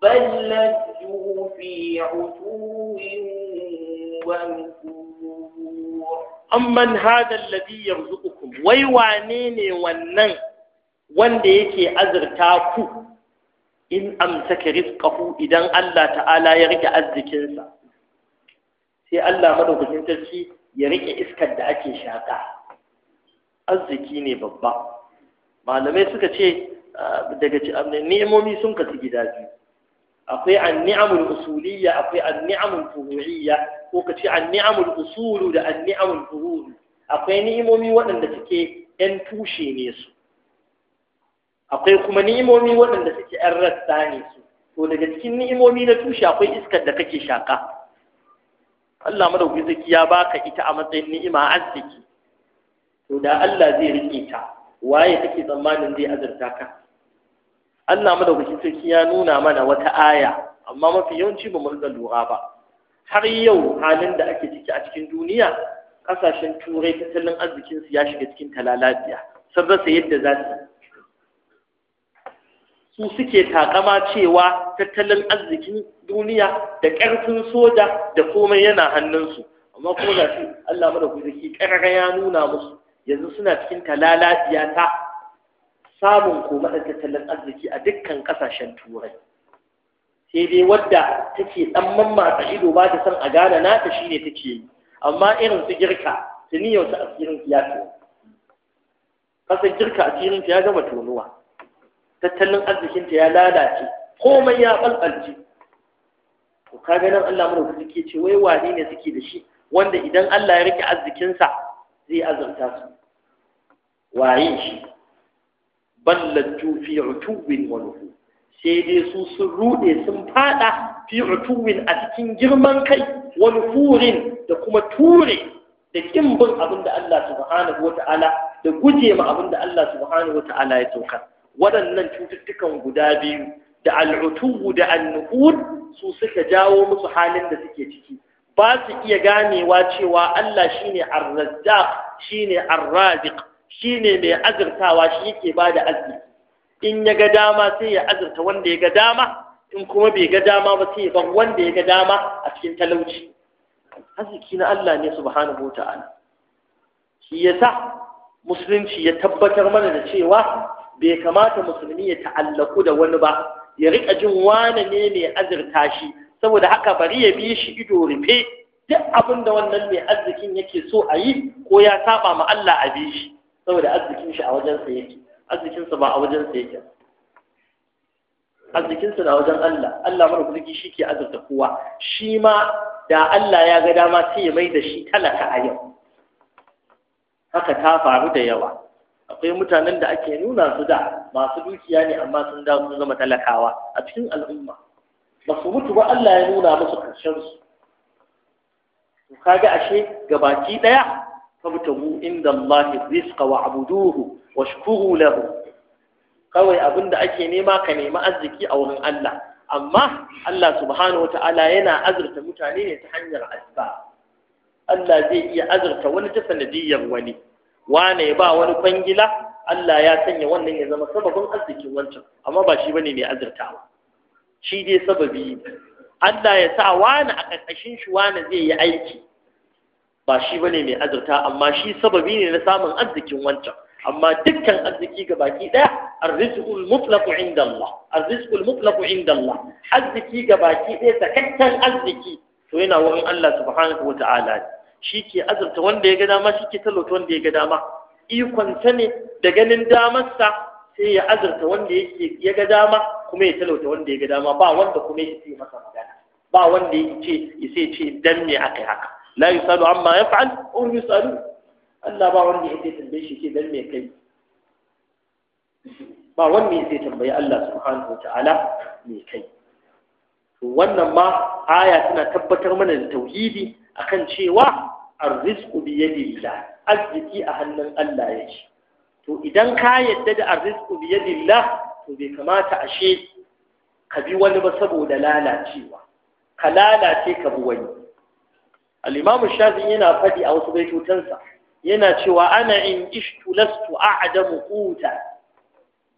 بل لجوا في عتو ونفور أمن هذا الذي يرزقكم ويوانيني ونن wanda yake azurta ku in amsaka rizqahu idan Allah ta'ala ya rike arzikinsa sai Allah madaukakin sarki ya rike iskar da ake shaka arziki ne babba malamai suka ce ah, daga ah, ni'imomi sun kasu gida biyu akwai an-ni'amul usuliyya akwai an-ni'amul furu'iyya ko ka ce an-ni'amul usulu da an-ni'amul furu' akwai ni'imomi waɗanda suke yan tushe ne su akwai kuma ni'imomi waɗanda suke yan rasta ne su to daga cikin ni'imomi na tushe akwai iskar da kake shaka Allah madaukakin zaki ya baka ita a matsayin ni'ima arziki to da Allah zai rike ta waye take tsammanin zai azurta ka Allah madaukakin sarki ya nuna mana wata aya amma mafi yawanci ba mu riga lura ba har yau halin da ake ciki a cikin duniya kasashen turai tattalin arzikin su ya shiga cikin talalabiya sun rasa yadda za su su suke takama cewa tattalin arzikin duniya da ƙarfin soja da komai yana hannunsu amma kuma ga shi Allah madaukakin sarki ƙarara ya nuna musu yanzu suna cikin talalafiya ta samun koma da tattalin arziki a dukkan kasashen turai sai dai wadda take ɗan mammatsa ido ba ta san a gane ta shine take yi amma irin su girka tuni yau ta asirin ya tono girka asirin ya gama tonuwa tattalin arzikin ta ya lalace komai ya balbalce to kaga nan Allah mu da suke ce wai wane ne suke da shi wanda idan Allah ya rike arzikinsa zai azurta su waye shi ballattu fi utuwin wa nufu sai dai su sun rude sun fada fi utuwin a cikin girman kai wa nufurin da kuma ture da kin abin da Allah subhanahu ta'ala da guje ma abin da Allah subhanahu ta'ala ya tauka waɗannan cututtukan guda biyu da al'utuwu da annuhud su suka jawo musu halin da suke ciki ba su iya ganewa cewa Allah shine ar-razzaq shine ar-raziq shi ne mai azurtawa shi yake ba da arziki in ya ga dama sai ya azurta wanda ya ga dama in kuma bai ga dama ba sai ya ban wanda ya ga dama a cikin talauci arziki na Allah ne subhanahu wa ta'ala shi yasa musulunci ya tabbatar mana da cewa bai kamata musulmi ya ta'allaku da wani ba ya rika jin wane ne mai azurta shi saboda haka bari ya bi shi ido rufe duk abin da wannan mai arzikin yake so a yi ko ya saba ma Allah a bi shi saboda arzikin shi a wajensa yake arzikinsa ba a wajensa yake arzikinsa na wajen Allah Allah mara kudi shi ke azurta kowa shi ma da Allah ya ga dama sai ya mai da shi talaka a yau haka ta faru da yawa akwai mutanen da ake nuna su da masu dukiya ne amma sun dawo sun zama talakawa a cikin al'umma ba su mutu ba Allah ya nuna musu karshen su kaga ashe gabaki daya fabtagu in Allah rizqa wa abuduhu wa shkuru lahu kawai abinda ake nema ka nemi arziki a wurin Allah amma Allah subhanahu wata'ala yana azurta mutane ne ta hanyar asba Allah zai iya azurta wani ta sanadiyyar wani wane ba wani kwangila Allah ya sanya wannan ya zama sababin arzikin wancan amma ba shi bane ne azurtawa shi dai sababi Allah ya sa wani a ƙarƙashin shi wani zai yi aiki ba shi bane mai azurta amma shi sababi ne na samun arzikin wancan amma dukkan arziki ga baki ɗaya arzikin mutlaku inda Allah arzikin mutlaku inda Allah arziki ga baki ɗaya sakakken arziki to yana wurin Allah subhanahu wa ta'ala shi ke azurta wanda ya ga dama shi ke talauta wanda ya ga dama ikonsa ne da ganin damarsa sai ya azurta wanda yake ya ga dama kuma ya talauta wanda ya ga dama ba wanda kuma ya ce masa magana ba wanda ya ce ya sai ce dan me aka yi haka la yusalu amma yaf'al wa hum yusalu Allah ba wanda ya sai tambaye shi ke dan me kai ba wanda ya sai tambaye Allah subhanahu wataala me kai wannan ma aya tana tabbatar mana da tauhidi kan cewa arrizqu bi yadillah a hannun Allah yake to idan ka yadda da arrizqu bi to bai kamata ashe ka bi wani ba saboda lalacewa ka lalace ka bi wani Alimamu imam shafi yana faɗi a wasu baitotansa yana cewa ana in ishtu lastu a'damu quta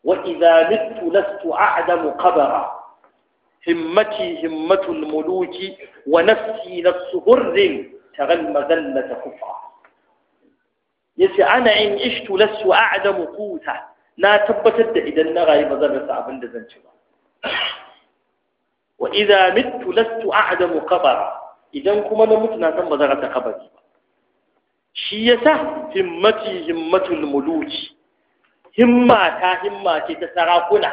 wa idza mittu lastu a'damu qabra himmati himmatul muluki wa nafsi nafsu hurrin tagal mazallata Ya ce, ana in ishtu lastu a'damu quta na tabbatar da idan na rayu ba zan rasa abin da zan ci ba wa idza mittu lastu a'damu qabra idan kuma na mutu na san ba zan rasa kabari ba shi yasa himmati himmatul muluki himma ta himma ce ta sarakuna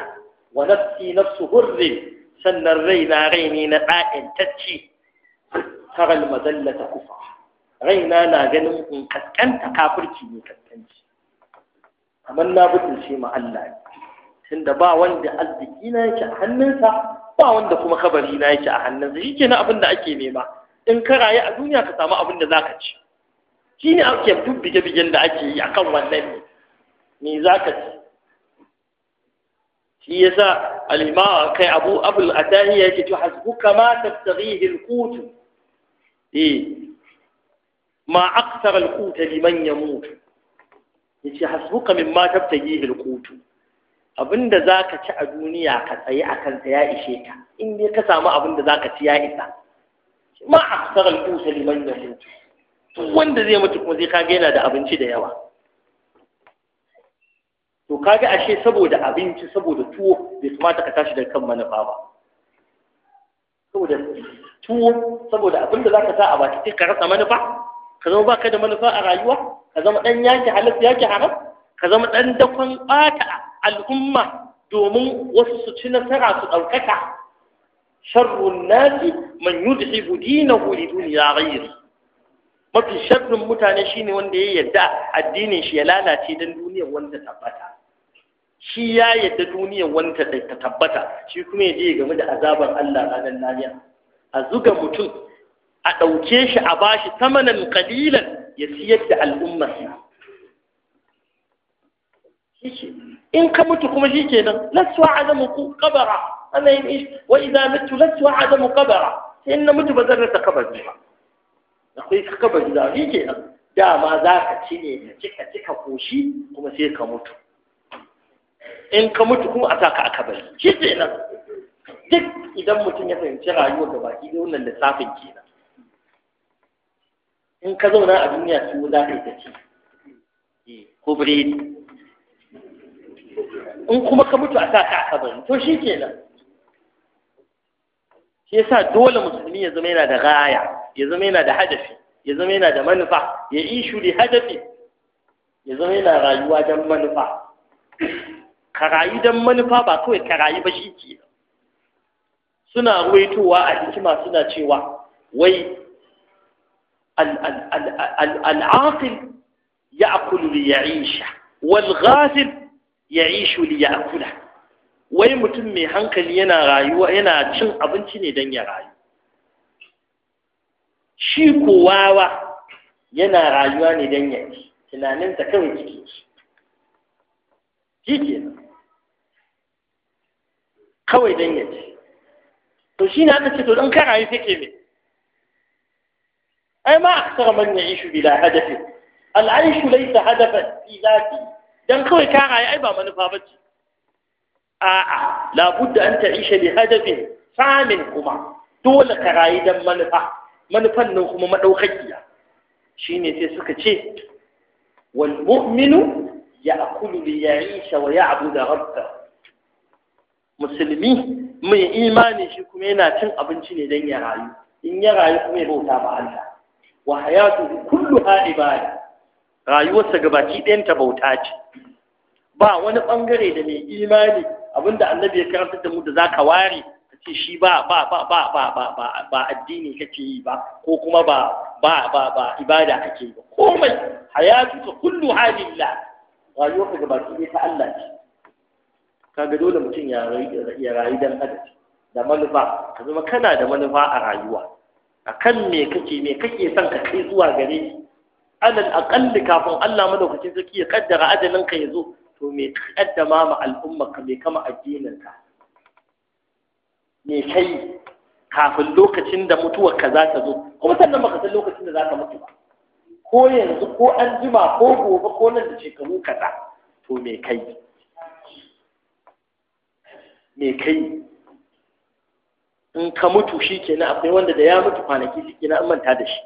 wa nafsi nafsu hurri sannan raina ne na ɗa'in tacci taral mazallata kufa raina na ganin in kaskanta kafirci ne kaskanci kamar na butulce ma Allah ne tunda ba wanda arziki na yake a hannunsa ba wanda kuma kabari na yake a hannunsa shi na abin da ake nema in ka rayu a duniya ka samu abin da za ka ci shi ne ake fi bige-bigen da ake yi a kan wannan ne me za ka ci shi ya sa alimawa kai abu abul atahiya yake to hasbuka ma ta al-qut eh ma akthar al-qut liman min ma hasbuka mimma tabtaghihi Abin da za ka ci a duniya ka tsaye akan sa ya ishe ka in dai ka samu abin da za ka ci ya isa ma a al-kusa liman da duk wanda zai mutu kuma zai kage yana da abinci da yawa to kaga ashe saboda abinci saboda tuwo bai kamata ka tashi daga kan manufa ba saboda tuwo saboda abin da zaka sa a baki sai ka rasa manufa ka zama baka da manufa a rayuwa ka zama dan yaki halis yaki haram ka zama dan dakon bata al'umma domin wasu su ci nasara su ɗaukaka sharrun nasi man yudhibu dinahu li dunya ghayri mafi sharrin mutane shine wanda ya yadda addinin shi ya lalace dan duniyar wanda tabbata shi ya yadda duniyar wanda ta tabbata shi kuma ya je game da azabar Allah ranar lahira a zuga mutum a ɗauke shi a bashi samanan kalilan ya siyar da al'ummarsa in ka mutu kuma shi kenan laswa azamu ku kabara ana yin ish wa idza adamu qabara sai na mutu ba zan rasa kabari ba akwai kabari da shi dama za ka ci ne ka ci kuma sai ka mutu in ka mutu kuma a saka a kabari shi kenan duk idan mutum ya fahimci rayuwa da baki da lissafin kenan in ka zauna a duniya su za ka yi ta ci ko biredi in kuma ka mutu a saka a kabari to shi kenan shi yasa dole musulmi ya zama yana da gaya ya zama yana da hadafi ya zama yana da manufa ya ishu da hadafi ya zama yana rayuwa don manufa ka rayu don manufa ba kawai ka rayu ba shi ke suna ruwaitowa a hikima suna cewa wai al'aqil ya akulu li ya isha wal ghafil ya ishu li ya akula wai mutum mai hankali yana rayuwa yana cin abinci ne don ya rayu shi kowawa yana rayuwa ne don ya ci tunaninsa kawai ciki shi ke kawai don ya ci to shi na aka ce to don ka rayu ke mai ai ma aksara man manyan ishu bila hadafi al'aishu laisa hadafa fi zafi don kawai ka rayu ai ba manufa ce. a'a labudda an ta'isha bi hadafin samin kuma dole ka rayu dan manufa manufan nan kuma madaukakiya shine sai suka ce wal mu'minu ya'kulu li ya'isha wa ya'budu rabbah musulmi mai imani shi kuma yana cin abinci ne dan ya rayu in ya rayu kuma ya bauta ba Allah wa hayatu kulluha ibada rayuwarsa gabaki ɗayan ta bauta ce ba wani bangare da mai imani abinda annabi ya karanta da mu da zaka ware ka ce shi ba ba ba ba ba ba ba ba addini kake yi ba ko kuma ba ba ba ba ibada kake yi ba komai hayatuka kullu halillah Rayuwar ka baki ne ta Allah ce kaga dole mutum ya rayu dan adadi da manufa ka zama kana da manufa a rayuwa akan me kake me kake son ka kai zuwa gare shi alal aqalli kafin Allah madaukakin sarki ya kaddara ajalin ka ya zo to me kaddama ma al'umma ka me kama addinin ka me kai kafin lokacin da mutuwar ka za ta zo kuma sannan maka san lokacin da za ka mutu ba ko yanzu ko an jima ko gobe ko nan da shekaru kaza to me kai me kai in ka mutu shi kenan akwai wanda da ya mutu kwanaki shi kenan an manta da shi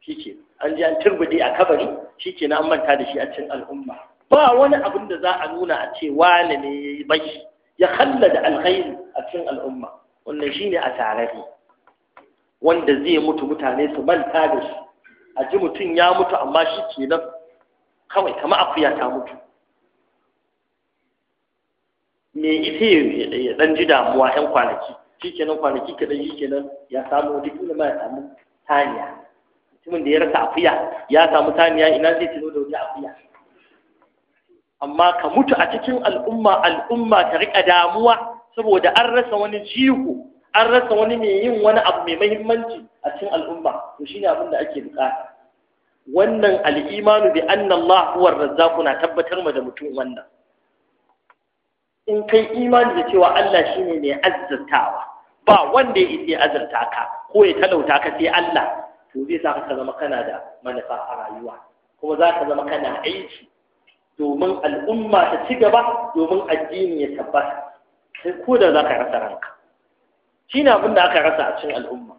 shi ke an ji an turbide a kabari shi kenan an manta da shi a cikin al'umma ba wani abin da za a nuna a ce wane ne ya yi bai ya kalla da alkhairi a cikin al'umma wannan shine a tarihi wanda zai mutu mutane su manta da shi a ji mutum ya mutu amma shi nan kawai kama akuya ta mutu me ita ya dan ji damuwa yan kwanaki shi kenan kwanaki kaɗan shi kenan ya samu duk inda ma ya samu taniya mutumin da ya rasa akuya ya samu taniya ina zai tuno da wani akuya amma ka mutu a cikin al'umma al'umma ta rika damuwa saboda an rasa wani jihu an rasa wani mai yin wani abu mai mahimmanci a cikin al'umma to shine abin da ake buƙata. wannan al'imanu bi anna Allah huwa na tabbatar ma da mutum wannan in kai imani da cewa Allah shine mai azzatawa ba wanda ya isa azarta ka ko ya talauta ka sai Allah to zai sa ka zama kana da manufa a rayuwa kuma za ka zama kana aiki domin al'umma ta ci gaba domin addini ya tabbata sai ko da za ka rasa ranka shi ne abin da aka rasa a cikin al'umma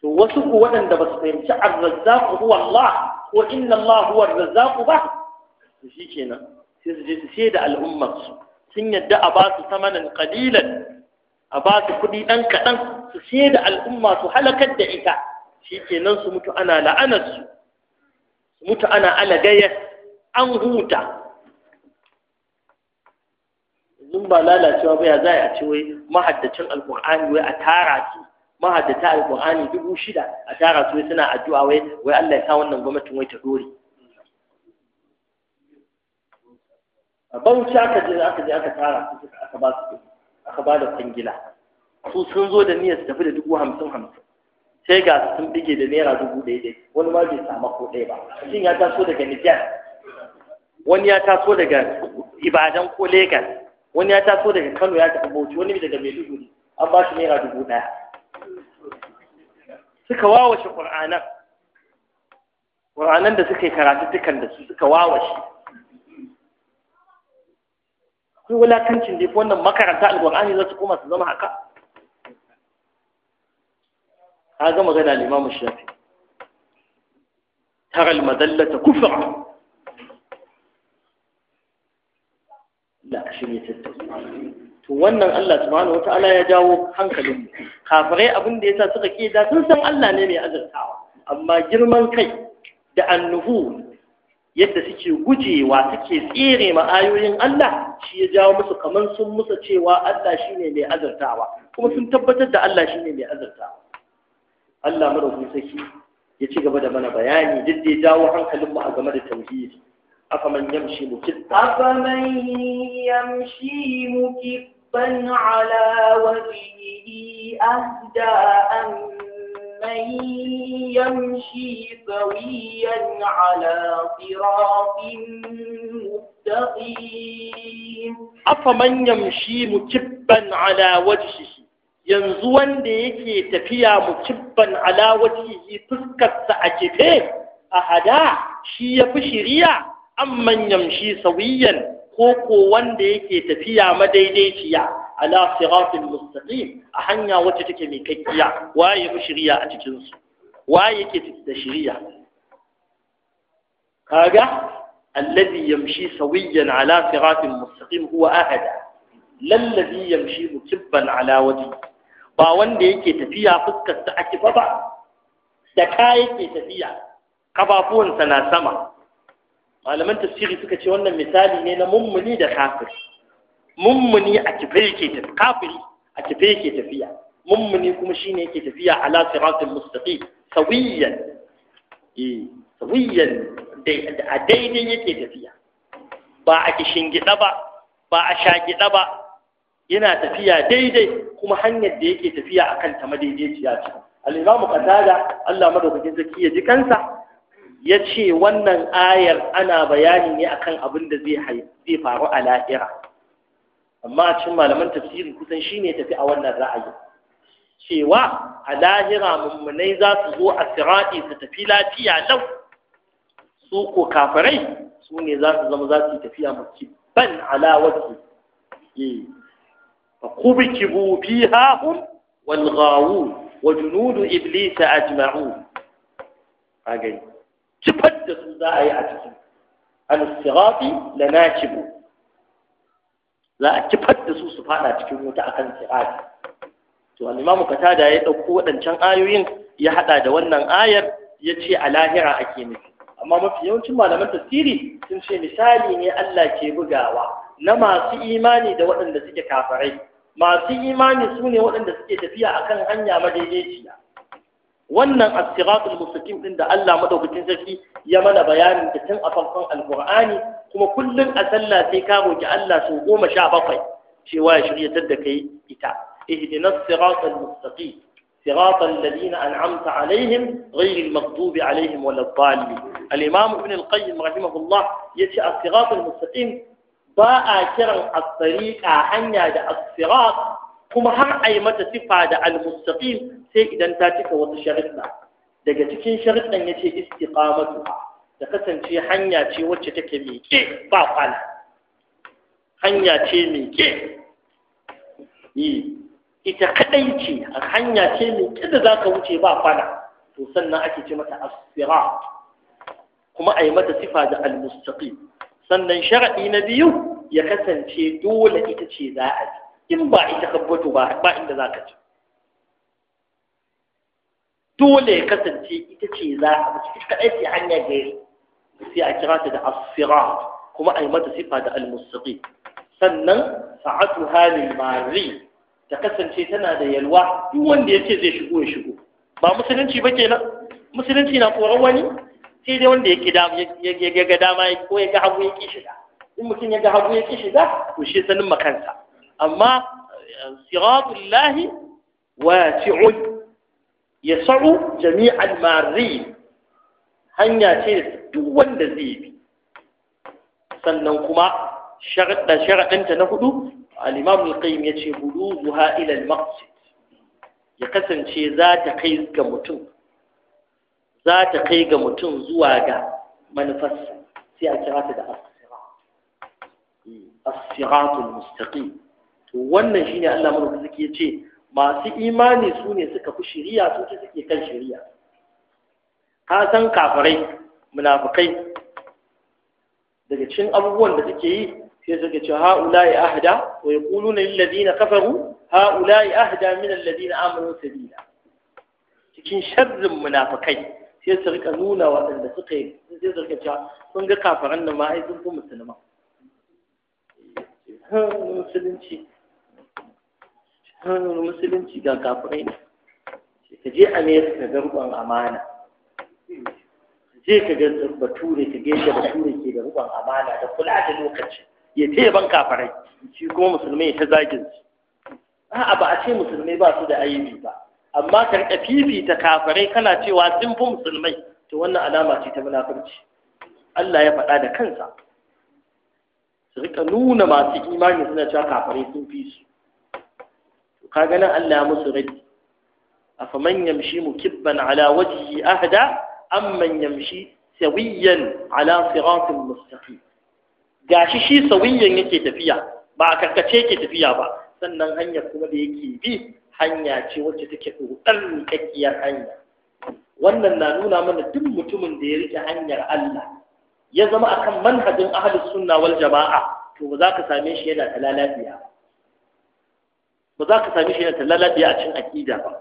to wasu ku waɗanda ba su fahimci arzazzaqu huwa Allah ko inna Allah huwa arzazzaqu ba to shi kenan sai su je su ce da al'ummar su sun yadda a ba su samanin qalilan a ba su kuɗi ɗan kaɗan su ce da al'umma su halakar da ita shi kenan su mutu ana la'anar su mutu ana alagayar an huta yanzu ba lalacewa ba ya za a ce wai mahaddacin alkur'ani wai a tara su mahaddata alkur'ani dubu shida a tara su wai suna addu'a wai wai Allah ya sa wannan gwamnatin wai ta dore a bauchi aka je aka je aka tara su aka ba su aka ba da kwangila su sun zo da niyyar su tafi da dubu hamsin hamsin sai ga sun bige da naira dubu ɗaya ɗaya wani ma bai samu ko ɗaya ba shin ya taso daga Nijar wani ya taso daga ibadan ko legas wani ya taso daga kano ya taɓa bauchi wani daga maiduguri an ba shi naira dubu ɗaya suka wawashe ƙur'anan ƙur'anan da suka yi karatuttukan da su suka wawashe akwai wulakancin da wannan makaranta alƙur'ani za su koma su zama haka ka gama gana limamu shafi tara almadallata kufra Allah ka shirye to wannan Allah subhanahu ala ya jawo hankalin mu kafirai abin da yasa suka ke da sun san Allah ne mai azurtawa amma girman kai da annuhu yadda suke gujewa suke tsere ma'ayoyin Allah shi ya jawo musu kamar sun musa cewa Allah shi ne mai azurtawa kuma sun tabbatar da Allah shi ne mai azurtawa Allah mara sarki ya ci gaba da mana bayani duk da ya jawo hankalin mu a game da tauhidi أفمن يمشي مكبا أفمن يمشي مكبا على وجهه أهدى أم من يمشي سويا على صراط مستقيم أفمن يمشي مكبا على وجهه yanzu wanda yake tafiya mukibban ala wajhihi fuskarsa a kife a hada shi ya fi shiriya amman yamshi sawiyan ko ko wanda yake tafiya madaidaiciya ala siratul mustaqim a hanya wacce take mai kakkiya waye fi shiriya a cikin su waye yake da shiriya kaga alladhi yamshi sawiyan ala siratul mustaqim huwa ahada lallazi yamshi mukibban ala wajhi ba wanda yake tafiya fuskar ta akifa ba da ka yake tafiya kafafuwansa na sama malaman tafsiri suka ce wannan misali ne na mummuni da kafiri mummuni a kife yake tafiya kafiri a kife yake tafiya mummuni kuma shine yake tafiya ala siratul mustaqim sawiyan eh sawiyan a daidai yake tafiya ba a kishingida ba ba a shagida ba yana tafiya daidai kuma hanyar da yake tafiya akan ta madaidaiciya ce al imam qatada Allah madaukakin zaki ya ji kansa ya ce wannan ayar ana bayani ne akan abin da zai faru a lahira amma a cikin malaman tafsirin kusan shine tafi a wannan ra'ayi cewa a lahira mummunai za su zo a sirati su tafi lafiya lau su ko kafirai su ne za su zama za su yi tafiya mace ban ala wasu eh. fa a fiha bufi wal wa junudu iblisa jima'u a gani kifar da su za a yi a cikin al-sirati Nakibu za a kifar da su su fada cikin wuta akan sirati to al-imamu katada ya dauko wadancan ayoyin ya hada da wannan ayar ya ce a lahira ake nufi amma mafi yawancin malaman tafsiri sun ce misali ne Allah ke bugawa na masu imani da waɗanda suke kafarai masu imani su ne waɗanda suke tafiya akan hanya madaidaiciya wannan asiratul mustaqim din da Allah madaukakin sarki ya mana bayani da tun a farkon alqur'ani kuma kullum a sallah sai ka Allah sau goma sha bakwai cewa ya shiryatar da kai ita ihdinas siratal mustaqim siratal ladina an'amta alaihim ghayril maghdubi alaihim walad dallin al-imam ibn al-qayyim rahimahullah yace asiratul mustaqim ba a kiran as-sariqa hanya da as kuma har a yi mata sifa da al-mustaqim sai idan ta cika wasu sharuɗa daga cikin ya ce, istiqamatu da kasance hanya ce wacce take miƙe ba kwana hanya ce miƙe yi ita kadai ce a hanya ce miƙe da zaka wuce ba kwana to sannan ake ce mata asira kuma a yi mata sifa da al-mustaqim sannan sharaɗi na biyu ya kasance dole ita ce za a bi in ba ita kabbatu fito ba ba inda za ka ci dole ya kasance ita ce za a mace ita kaɗai ce hanya gari sai a kira ta da asirat kuma a yi mata sifa da almusuƙi sannan sa'atu halin mari ta kasance tana da yalwa duk wanda ya ce zai shigo ya shigo ba musulunci ba kenan musulunci na koran wani sai dai wanda yake da ya ga dama ko ya ga hagu ya ki shiga in mutum ya ga hagu ya ki shiga to shi sanin makansa amma siratul lahi wasi'un yas'u jami'al marri hanya ce duk wanda zai bi sannan kuma sharaɗa sharaɗanta na hudu al-imam al-qayyim yace buluguha ya kasance za ta kai ga mutum zuwa ga manufarsa sai a kira da as-sirat as Wannan shi ne Allah madaukakin suke ce masu imani su ne suka fi shiriya su ce suke kan shiriya ka san kafirai munafukai daga cikin abubuwan da suke yi sai suka ce ha'ula'i ahda wa yaquluna lil ladina kafaru ha'ula'i ahda min Ladina amanu sabila cikin sharrin munafukai sai su rika nuna waɗanda suka yi sai su rika cewa sun ga kafaran da ma ai sun fi musulma musulunci kanun musulunci ga kafirai ne ka je amerika ka ga rubon amana je ka ga bature ka ga yadda bature ke da rubon amana da kula da lokaci ya ce ban kafirai shi kuma musulmai ta zagin su a'a ba a ce musulmai ba su da ayyuka ba amma ka rika fifita kafirai kana cewa sun fi musulmai to wannan alama ce ta munafurci Allah ya faɗa da kansa su rika nuna masu imani suna cewa kafirai sun fi su kaga nan Allah musu raddi afaman yamshi mukibban ala wajhi ahda amman yamshi sawiyan ala siratin mustaqim gashi shi sawiyan yake tafiya ba a karkace yake tafiya ba sannan hanyar kuma da yake bi hanya ce wacce take ɗan kakkiyar hanya wannan na nuna mana duk mutumin da ya rike hanyar Allah ya zama akan manhajin ahlus sunna wal jama'a to ba za ka same shi yana da lafiya ba za ka sami shi ta talalabi a cin aƙida ba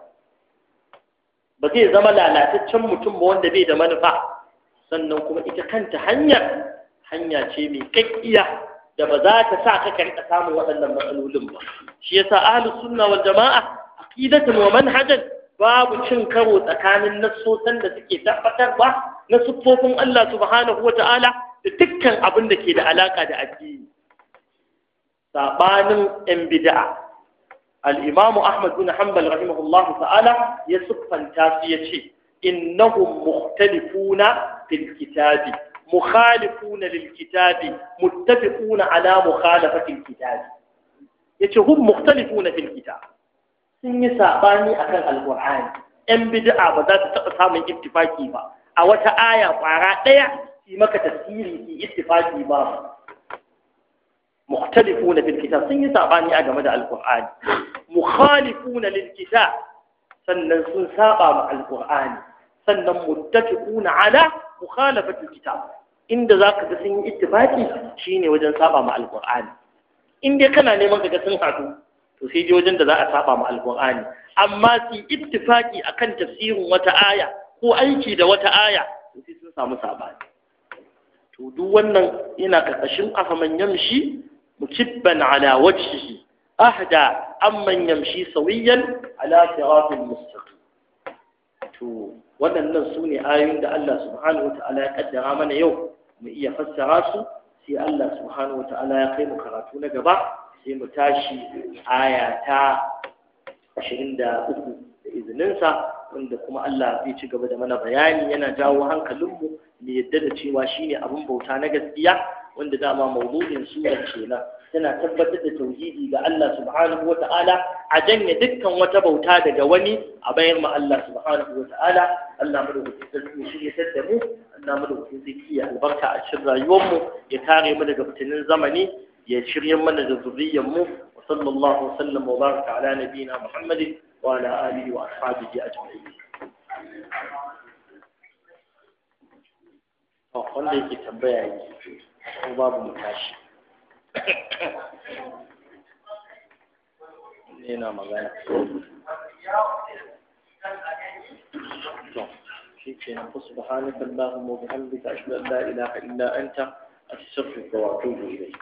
ba zai zama lalataccen mutum ba wanda bai da manufa sannan kuma ita kanta hanyar hanya ce mai kakkiya da ba za ta sa ka karɓa samun waɗannan matsalolin ba shi yasa ahlus sunna wal jama'a aqidatan wa manhajan babu cin karo tsakanin nassosan da suke tabbatarwa na siffofin Allah subhanahu wa ta'ala da dukkan abin da ke da alaka da addini sabanin yan bid'a al-imamu ahmad bin hanbal rahimahullahu ta'ala ya siffanta su yace innahum mukhtalifuna fil kitabi mukhalifuna lil kitabi muttafiquna ala mukhalafati al kitabi yace hun mukhtalifuna fil kitab sun yi sabani akan alƙur'ani yan bid'a ba za su taɓa samun ittifaki ba a wata aya ƙwara ɗaya, yi maka tafsiri ki ittifaki ba مختلفون في الكتاب سن يسابني ا game da alqur'ani مخالفون للكتاب sannan sun saba ma alqur'ani sannan muttafiquna ala mukhalafati alkitab inda zaka ga sun yi ittifaqi shine wajen saba ma alqur'ani in dai kana neman ka ga sun to sai dai wajen da za a saba ma alqur'ani amma su a kan tafsirin wata aya ko aiki da wata aya to sai sun samu sabani to duk wannan yana karkashin afa man yamshi مكبا على وجهه أهدى أمن يمشي سويا على صراط مستقيم waɗannan su ayoyin da Allah subhanahu wata'ala ya ƙaddara mana yau mu iya fassara su sai Allah subhanahu wata'ala ya kai mu karatu na gaba sai mu tashi aya ta 23 da izininsa wanda kuma Allah zai ci gaba da mana bayani yana jawo hankalinmu mu yadda da cewa shine abin bauta na gaskiya wanda dama mawdu'in surar kenan tana tabbatar da tauhidi ga Allah subhanahu wata'ala a janye dukkan wata bauta daga wani a bayar ma Allah subhanahu wata'ala Allah madaukakin sarki shi ya tadda mu Allah madaukakin sarki ya albarka a cikin rayuwarmu ya kare mu daga fitinin zamani ya shirye mana da zuriyar mu wa sallallahu sallam wa baraka ala nabiyina Muhammadin wa ala alihi wa ashabihi ajma'in oh, wanda yake tambaya yake ko babu mutashi ne na magana to shi ke na wa bihamdika ashhadu an la ilaha illa anta astaghfiruka wa atubu ilayk